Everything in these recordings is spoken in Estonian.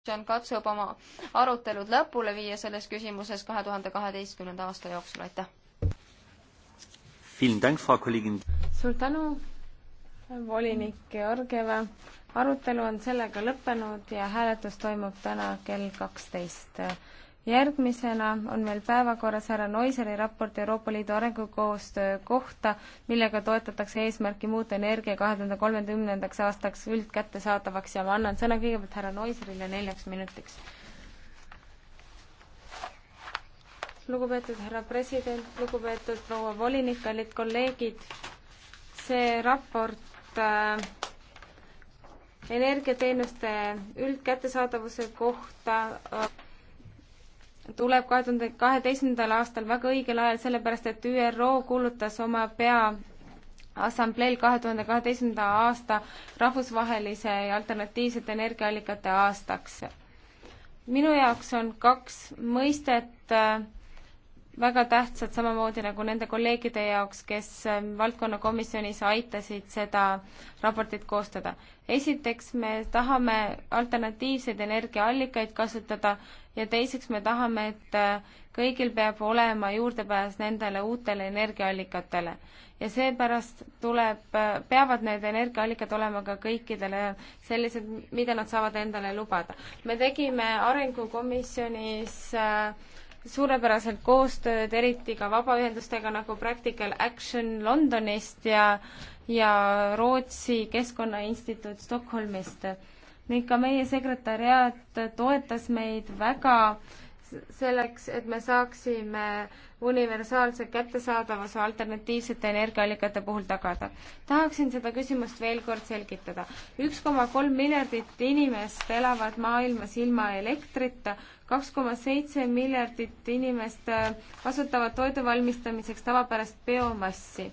komisjon katsub oma arutelud lõpule viia selles küsimuses kahe tuhande kaheteistkümnenda aasta jooksul, aitäh! suur tänu, volinik Georgieva. arutelu on sellega lõppenud ja hääletus toimub täna kell kaksteist järgmisena on meil päevakorras härra Noiseri raport Euroopa Liidu arengukoostöö kohta, millega toetatakse eesmärki muuta energia kahe tuhande kolmekümnendaks aastaks üldkättesaadavaks ja ma annan sõna kõigepealt härra Noiserile neljaks minutiks. lugupeetud härra president, lugupeetud proua volinik, kallid kolleegid, see raport äh, energiateenuste üldkättesaadavuse kohta äh, tuleb kahe tuhande kaheteistkümnendal aastal väga õigel ajal, sellepärast et ÜRO kuulutas oma peaassambleel kahe tuhande kaheteistkümnenda aasta rahvusvahelise ja alternatiivsete energiaallikate aastaks. minu jaoks on kaks mõistet äh, väga tähtsad, samamoodi nagu nende kolleegide jaoks, kes äh, valdkonnakomisjonis aitasid seda raportit koostada. esiteks, me tahame alternatiivseid energiaallikaid kasutada ja teiseks me tahame, et äh, kõigil peab olema juurdepääs nendele uutele energiaallikatele ja seepärast tuleb, äh, peavad need energiaallikad olema ka kõikidele sellised, mida nad saavad endale lubada. me tegime arengukomisjonis äh, suurepäraselt koostööd, eriti ka vabaühendustega nagu Practical Action Londonist ja, ja Rootsi Keskkonnainstituut Stockholmist ning ka meie sekretäriaat toetas meid väga selleks, et me saaksime universaalse kättesaadavuse alternatiivsete energiaallikate puhul tagada. tahaksin seda küsimust veel kord selgitada. üks koma kolm miljardit inimest elavad maailmas ilma elektrita, kaks koma seitse miljardit inimest äh, kasutavad toidu valmistamiseks tavapärast biomassi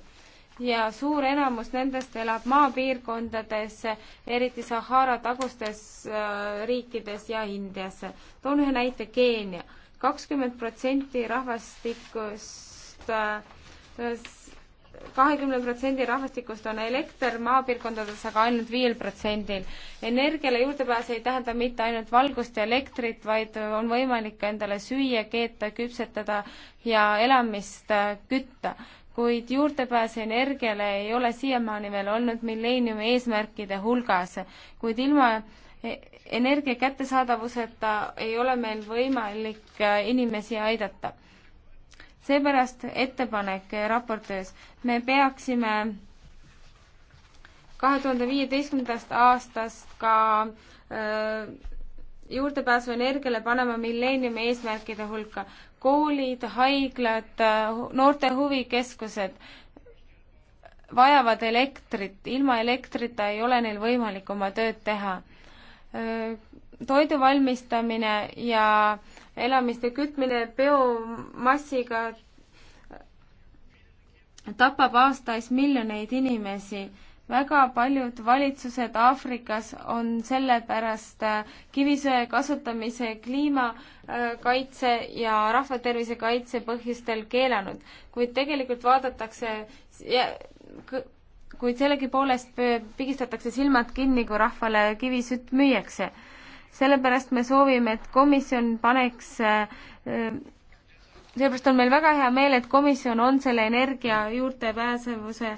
ja suur enamus nendest elab maapiirkondades, eriti Sahara tagustes äh, riikides ja Indias. toon ühe näite, Keenia. kakskümmend protsenti rahvastikust äh, kahekümne protsendi rahvastikust on elekter maapiirkondades aga ainult viiel protsendil. energiale juurdepääs ei tähenda mitte ainult valgust ja elektrit, vaid on võimalik endale süüa, keeta, küpsetada ja elamist äh, kütta kuid juurdepääs energiale ei ole siiamaani veel olnud milleeniumi eesmärkide hulgas, kuid ilma e-, energia kättesaadavuseta ei ole meil võimalik äh, inimesi aidata. seepärast ettepanek äh, raportöös, me peaksime kahe tuhande viieteistkümnendast aastast ka öö, äh, juurdepääsu energiale panema milleeniumi eesmärkide hulka. koolid, haiglad, noorte huvikeskused vajavad elektrit, ilma elektrita ei ole neil võimalik oma tööd teha. toidu valmistamine ja elamiste kütmine biomassiga tapab aastas miljoneid inimesi väga paljud valitsused Aafrikas on sellepärast äh, kivisöe kasutamise kliimakaitse äh, ja rahvatervise kaitse põhjustel keelanud, kuid tegelikult vaadatakse kuid sellegipoolest pigistatakse silmad kinni, kui rahvale kivisütt müüakse. sellepärast me soovime, et komisjon paneks, äh, seepärast on meil väga hea meel, et komisjon on selle energia juurdepääsevuse äh,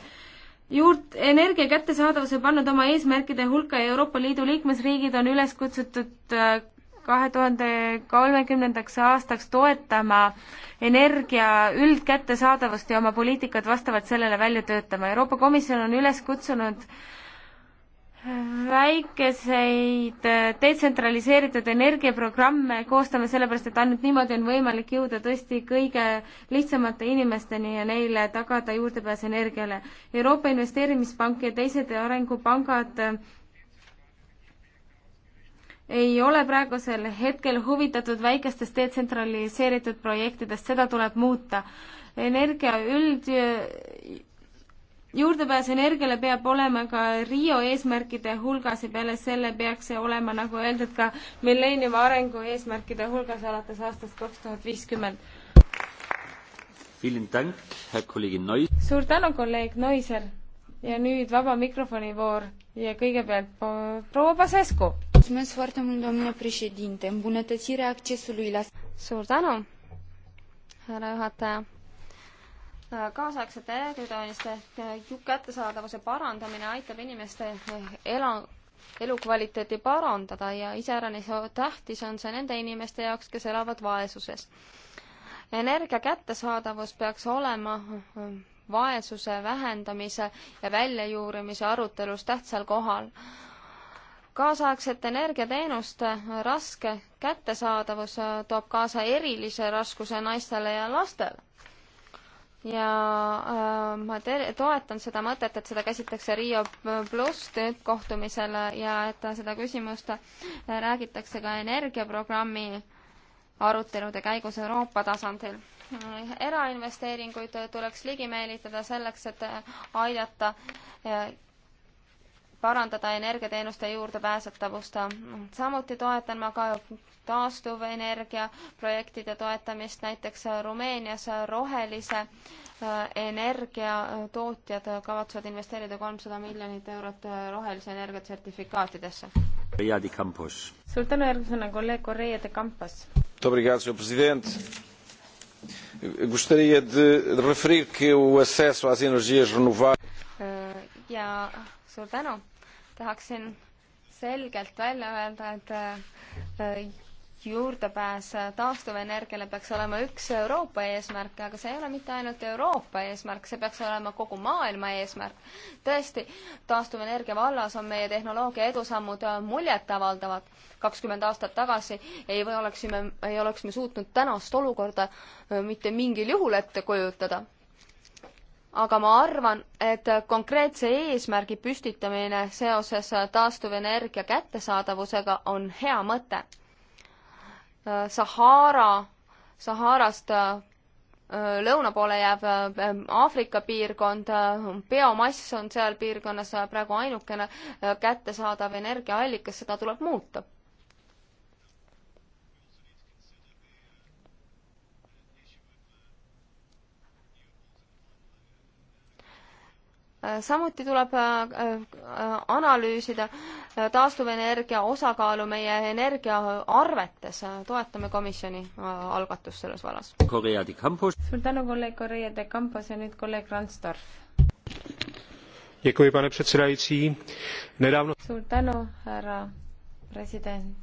juurt-, energia kättesaadavuse pannud oma eesmärkide hulka ja Euroopa Liidu liikmesriigid on üles kutsutud äh, kahe tuhande kolmekümnendaks aastaks toetama energia üldkättesaadavust ja oma poliitikat vastavalt sellele välja töötama. Euroopa Komisjon on üles kutsunud äh, väikeseid äh, detsentraliseeritud energiaprogramme koostame sellepärast, et ainult niimoodi on võimalik jõuda tõesti kõige lihtsamate inimesteni ja neile tagada juurdepääs energiale. Euroopa Investeerimispank ja teised arengupangad äh, ei ole praegusel hetkel huvitatud väikestest detsentraliseeritud projektidest, seda tuleb muuta. energia üld juurdepääs energiale peab olema ka Rio eesmärkide hulgas ja peale selle peaks see olema, nagu öeldud, ka milleeniumi arengu eesmärkide hulgas alates aastast kaks tuhat viiskümmend. suur tänu, kolleeg Noiser ja nüüd vaba mikrofoni voor ja kõigepealt proua Pasescu. suur tänu, härra juhataja kaasaegsete elektritooniste kättesaadavuse parandamine aitab inimeste ela-, elukvaliteeti parandada ja iseäranis tähtis on see nende inimeste jaoks, kes elavad vaesuses. energia kättesaadavus peaks olema vaesuse vähendamise ja väljajuurimise arutelus tähtsal kohal. kaasaegsete energiateenuste raske kättesaadavus toob kaasa erilise raskuse naistele ja lastele ja äh, ma ter-, toetan seda mõtet, et seda käsitletakse Rio pluss tippkohtumisel ja et seda küsimust äh, räägitakse ka energiaprogrammi arutelude käigus Euroopa tasandil. erainvesteeringuid tuleks ligi meelitada selleks, et aidata äh, parandada energiateenuste juurdepääsetavust. samuti toetan ma ka taastuvenergia projektide toetamist, näiteks Rumeenias rohelise äh, energiatootjad kavatsevad investeerida kolmsada miljonit eurot rohelise energia sertifikaatidesse. suur tänu, järgmisena kolleeg Correia de Campos. Gostaria de referir que o acesso às energias renováveis ja suur tänu. tahaksin selgelt välja öelda, et äh, juurdepääs taastuvenergiale peaks olema üks Euroopa eesmärke, aga see ei ole mitte ainult Euroopa eesmärk, see peaks olema kogu maailma eesmärk. tõesti, taastuvenergia vallas on meie tehnoloogia edusammud äh, muljetavaldavad. kakskümmend aastat tagasi ei või oleksime, ei oleks me suutnud tänast olukorda äh, mitte mingil juhul ette kujutada aga ma arvan, et konkreetse eesmärgi püstitamine seoses taastuvenergia kättesaadavusega on hea mõte. Sahara, Saharast äh, lõuna poole jääv äh, Aafrika piirkond, äh, biomass on seal piirkonnas praegu ainukene kättesaadav energiaallikas, seda tuleb muuta samuti tuleb äh, äh, analüüsida äh, taastuvenergia osakaalu meie energiaarvetes. toetame komisjoni algatust selles vallas. suur tänu, kolleeg Correa de Campos ja nüüd kolleeg Randstorf. suur tänu, härra president.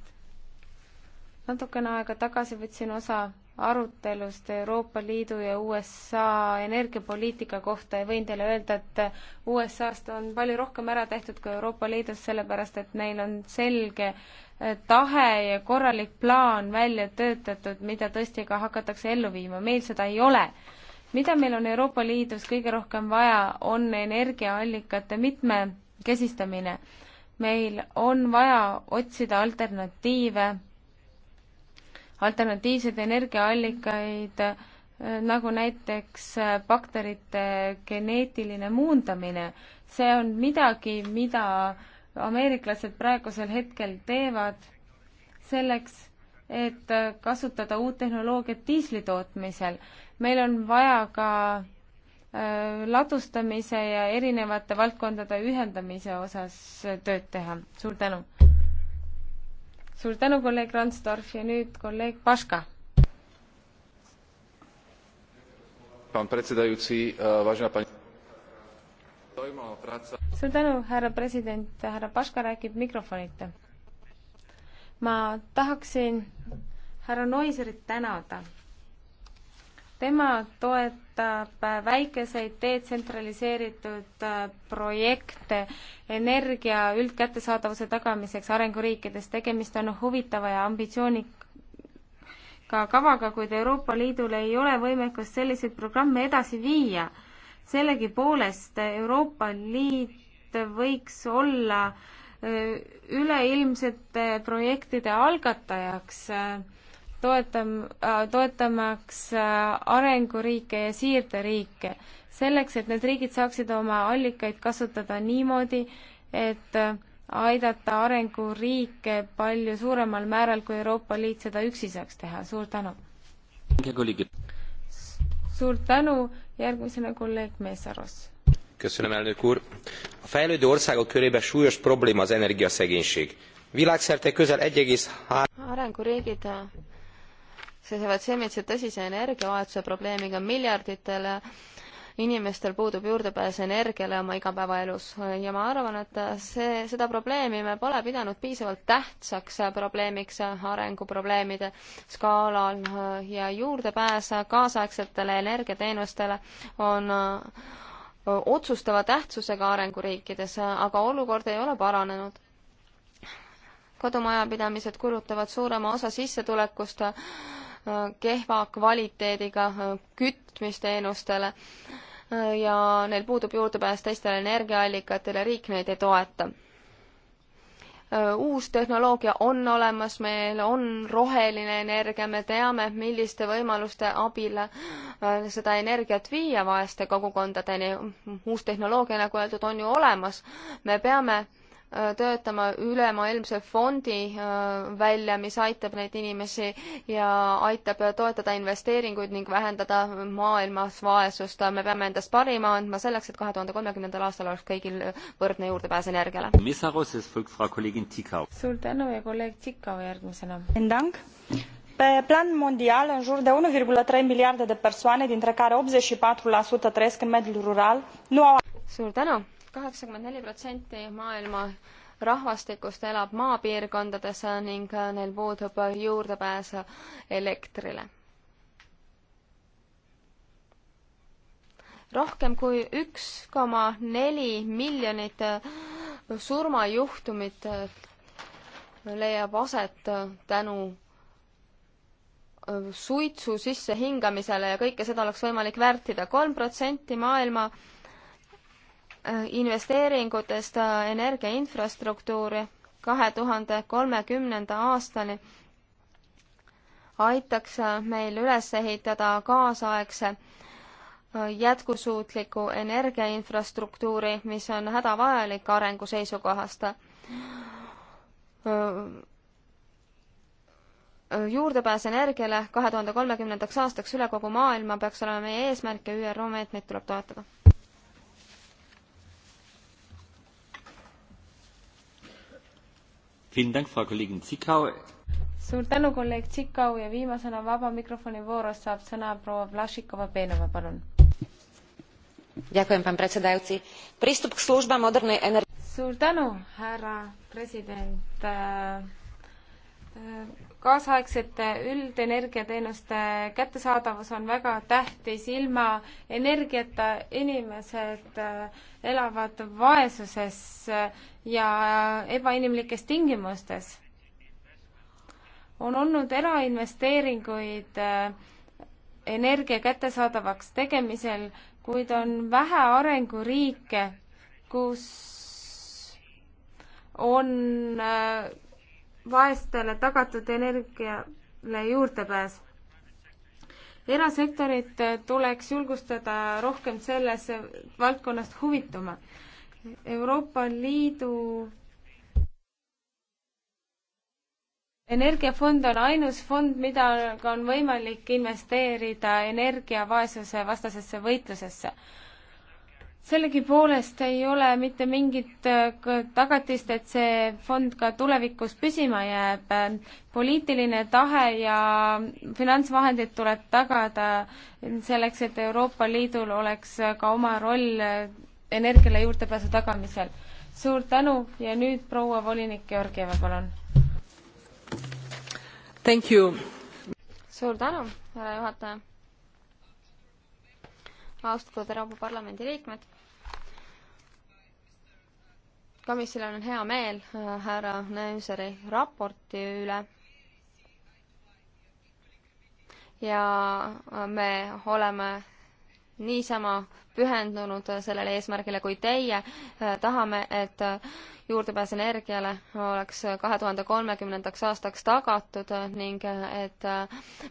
natukene aega tagasi võtsin osa arutelust Euroopa Liidu ja USA energiapoliitika kohta ja võin teile öelda, et USA-st on palju rohkem ära tehtud kui Euroopa Liidus, sellepärast et neil on selge eh, tahe ja korralik plaan välja töötatud, mida tõesti ka hakatakse ellu viima, meil seda ei ole. mida meil on Euroopa Liidus kõige rohkem vaja, on energiaallikate mitmekesistamine. meil on vaja otsida alternatiive alternatiivseid energiaallikaid, äh, nagu näiteks äh, bakterite geneetiline muundamine. see on midagi, mida ameeriklased praegusel hetkel teevad selleks, et äh, kasutada uut tehnoloogiat diisli tootmisel. meil on vaja ka ladustamise ja erinevate valdkondade ühendamise osas tööd teha. suur tänu! suur tänu, kolleeg Randstorf ja nüüd kolleeg Paška. Eh, suur tänu, härra president, härra Paška räägib mikrofonita. ma tahaksin härra Noiserit tänada tema toetab väikeseid detsentraliseeritud äh, projekte energia üldkättesaadavuse tagamiseks arenguriikides. tegemist on huvitava ja ambitsioonika kavaga, kuid Euroopa Liidul ei ole võimekust selliseid programme edasi viia. sellegipoolest Euroopa Liit võiks olla äh, üleilmsete projektide algatajaks äh, toetam-, äh, toetamaks äh, arenguriike ja siirderiike, selleks, et need riigid saaksid oma allikaid kasutada niimoodi, et äh, aidata arenguriike palju suuremal määral, kui Euroopa Liit seda üksi saaks teha, suur tänu! suur tänu, järgmisena kolleeg Meesaros. Köszönöm, elnök úr! A fejlődő országok körében súlyos probléma az energiaszegénység. Világszerte közel 1,3 arenguriigid seisavad silmitsi tõsise energiavahetuse probleemiga miljarditele inimestel puudub juurdepääs energiale oma igapäevaelus ja ma arvan, et see, seda probleemi me pole pidanud piisavalt tähtsaks probleemiks arenguprobleemide skaalal ja juurdepääs kaasaegsetele energiateenustele on otsustava tähtsusega arenguriikides, aga olukord ei ole paranenud kodumajapidamised kulutavad suurema osa sissetulekust kehva kvaliteediga kütmisteenustele ja neil puudub juurdepääs teistele energiaallikatele, riik neid ei toeta. uus tehnoloogia on olemas, meil on roheline energia, me teame, milliste võimaluste abil seda energiat viia vaeste kogukondadeni. uus tehnoloogia, nagu öeldud, on ju olemas. me peame Äh, töötama ülemaailmse fondi äh, välja, mis aitab neid inimesi ja aitab toetada investeeringuid ning vähendada maailmas vaesust. me peame endast parima andma selleks, et kahe tuhande kolmekümnendal aastal oleks kõigil võrdne juurdepääs energiale. suur tänu ja kolleeg Tikau järgmisena. Pe plan mondial, în jur de 1,3 miliarde de persoane, dintre care 84% trăiesc în mediul rural, nu au... Suur tänu! kaheksakümmend neli protsenti maailma rahvastikust elab maapiirkondades ning neil puudub juurdepääs elektrile. rohkem kui üks koma neli miljonit surmajuhtumit leiab aset tänu suitsu sissehingamisele ja kõike seda oleks võimalik vältida. kolm protsenti maailma investeeringutest äh, energia infrastruktuuri kahe tuhande kolmekümnenda aastani aitaks äh, meil üles ehitada kaasaegse äh, jätkusuutliku energiainfrastruktuuri, mis on hädavajalik arengu seisukohast. juurdepääs energiale kahe tuhande kolmekümnendaks aastaks üle kogu maailma peaks olema meie eesmärk ja ÜRO meetmeid tuleb toetada suur tänu, kolleeg Tsikau ja viimasena vaba mikrofoni voorus saab sõna proua Vlašikova-Peenova, palun. suur tänu, härra president kaasaegsete üldenergiateenuste kättesaadavus on väga tähtis, ilma energiata inimesed äh, elavad vaesuses äh, ja ebainimlikes tingimustes. on olnud erainvesteeringuid äh, energia kättesaadavaks tegemisel, kuid on vähe arenguriike, kus on vaestele tagatud energiale juurdepääs. erasektorit tuleks julgustada rohkem sellest valdkonnast huvituma. Euroopa Liidu energiafond on ainus fond, mida on võimalik investeerida energiavaesuse vastasesse võitlusesse sellegipoolest ei ole mitte mingit äh, tagatist, et see fond ka tulevikus püsima jääb. poliitiline tahe ja finantsvahendid tuleb tagada selleks, et Euroopa Liidul oleks ka oma roll äh, energiale juurdepääsu tagamisel. suur tänu ja nüüd proua volinik Georgieva, palun. suur tänu, härra juhataja. austatud Euroopa Parlamendi liikmed komisjonil on hea meel äh, härra Neuseri raporti üle. ja me oleme niisama pühendunud sellele eesmärgile kui teie. tahame, et juurdepääs energiale oleks kahe tuhande kolmekümnendaks aastaks tagatud ning et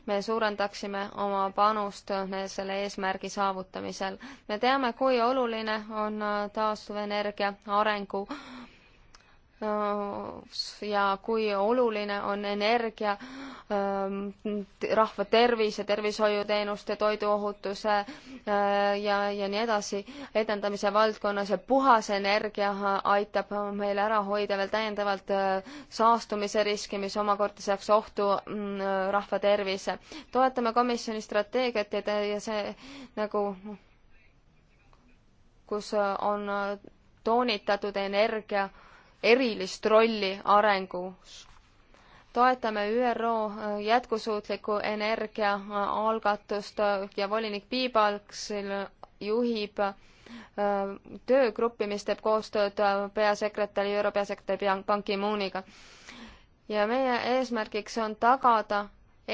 me suurendaksime oma panust selle eesmärgi saavutamisel. me teame, kui oluline on taastuvenergia arengu ja kui oluline on energia Ähm, rahva tervise, tervishoiuteenuste, toiduohutuse äh, ja, ja nii edasi edendamise valdkonnas ja puhas energia aitab meil ära hoida veel täiendavalt äh, saastumise riski, mis omakorda seaks ohtu mm, äh, rahva tervise. toetame komisjoni strateegiat ja, ja see nagu kus on toonitatud energia erilist rolli arengus toetame ÜRO äh, jätkusuutliku energia äh, algatust äh, ja volinik Piibalksil juhib töögruppi, mis teeb koostööd peasekretäri, ÜRO peasekretäri Ban Ki-mooniga. ja meie eesmärgiks on tagada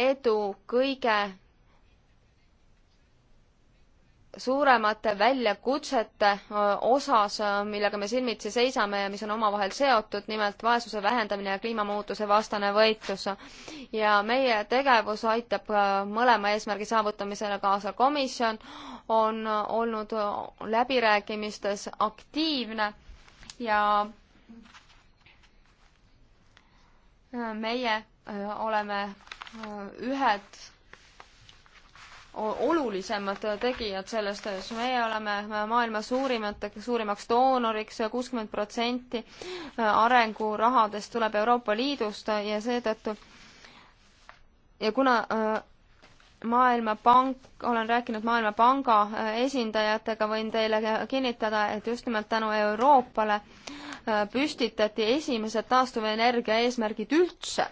edu kõige suuremate väljakutsete osas, millega me silmitsi seisame ja mis on omavahel seotud, nimelt vaesuse vähendamine ja kliimamuutuse vastane võitlus. ja meie tegevus aitab mõlema eesmärgi saavutamisele kaasa. komisjon on olnud läbirääkimistes aktiivne ja meie oleme ühed olulisemad tegijad selles töös. meie oleme maailma suurimate, suurimaks doonoriks, kuuskümmend protsenti arengurahadest tuleb Euroopa Liidust ja seetõttu ja kuna äh, Maailmapank, olen rääkinud Maailmapanga äh, esindajatega, võin teile kinnitada, et just nimelt tänu Euroopale äh, püstitati esimesed taastuvenergia eesmärgid üldse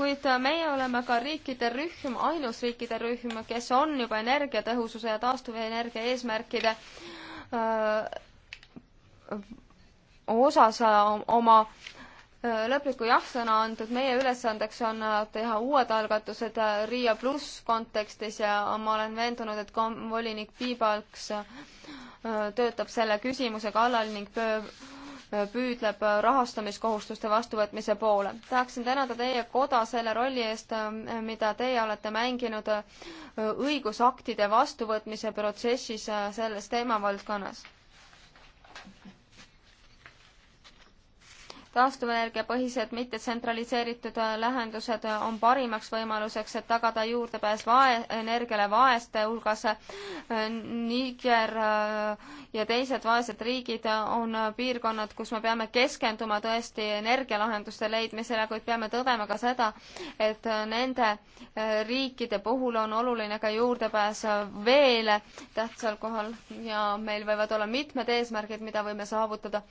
kuid meie oleme ka riikide rühm, ainus riikide rühm, kes on juba energiatõhususe ja taastuvenergia eesmärkide öö, osas oma lõpliku jah-sõna antud, meie ülesandeks on teha uued algatused Riia pluss kontekstis ja ma olen veendunud, et volinik Piibalks töötab selle küsimuse kallal ning pöö, püüdleb rahastamiskohustuste vastuvõtmise poole. tahaksin tänada teie koda selle rolli eest, mida teie olete mänginud õigusaktide vastuvõtmise protsessis selles teemavaldkonnas taastuvenergiapõhised mittetsentraliseeritud äh, lahendused äh, on parimaks võimaluseks, et tagada juurdepääs vae-, energiale vaeste hulgas. Äh, Niger ja teised vaesed riigid on piirkonnad, kus me peame keskenduma tõesti energialahenduste leidmisele, kuid peame tõdema ka seda, et nende riikide puhul on oluline ka juurdepääs veele tähtsal kohal ja meil võivad olla mitmed eesmärgid, mida võime saavutada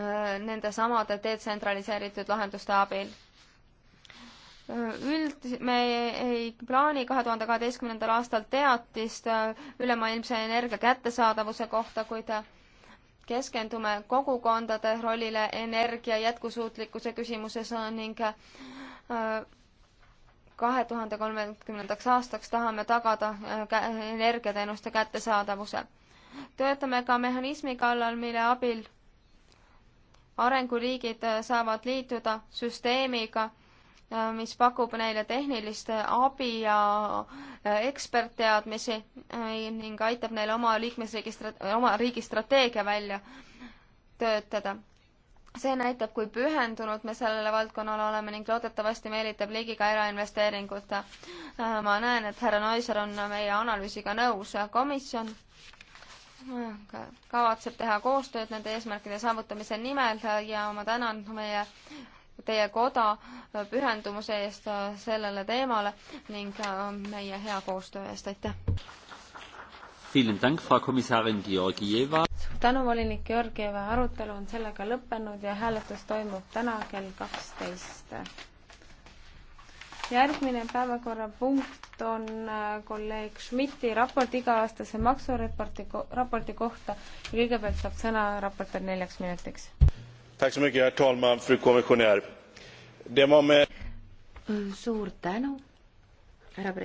Äh, nende samade detsentraliseeritud lahenduste abil. Äh, üld, me ei plaani kahe tuhande kaheteistkümnendal aastal teatist äh, ülemaailmse energia kättesaadavuse kohta, kuid keskendume kogukondade rollile energia jätkusuutlikkuse küsimuses ning kahe tuhande kolmekümnendaks aastaks tahame tagada energiateenuste kättesaadavuse. töötame ka mehhanismi kallal, mille abil arenguriigid saavad liituda süsteemiga, mis pakub neile tehnilist abi ja ekspertteadmisi eh, ning aitab neil oma liikmesriigi, oma riigi strateegia välja töötada see näitab, kui pühendunud me sellele valdkonnale oleme ning loodetavasti meelitab ligi ka erainvesteeringut. Eh, ma näen, et härra Noiser on meie analüüsiga nõus. komisjon kavatseb teha koostööd nende eesmärkide saavutamise nimel ja ma tänan meie teie koda pühendumuse eest sellele teemale ning äh, meie hea koostöö eest, aitäh! suur tänu, volinik Georgieva, arutelu on sellega lõppenud ja hääletus toimub täna kell kaksteist järgmine päevakorrapunkt on äh, kolleeg Schmidti raport iga-aastase maksureporti, raporti kohta ja kõigepealt saab sõna raportöör neljaks minutiks. Mm, suur tänu, härra president.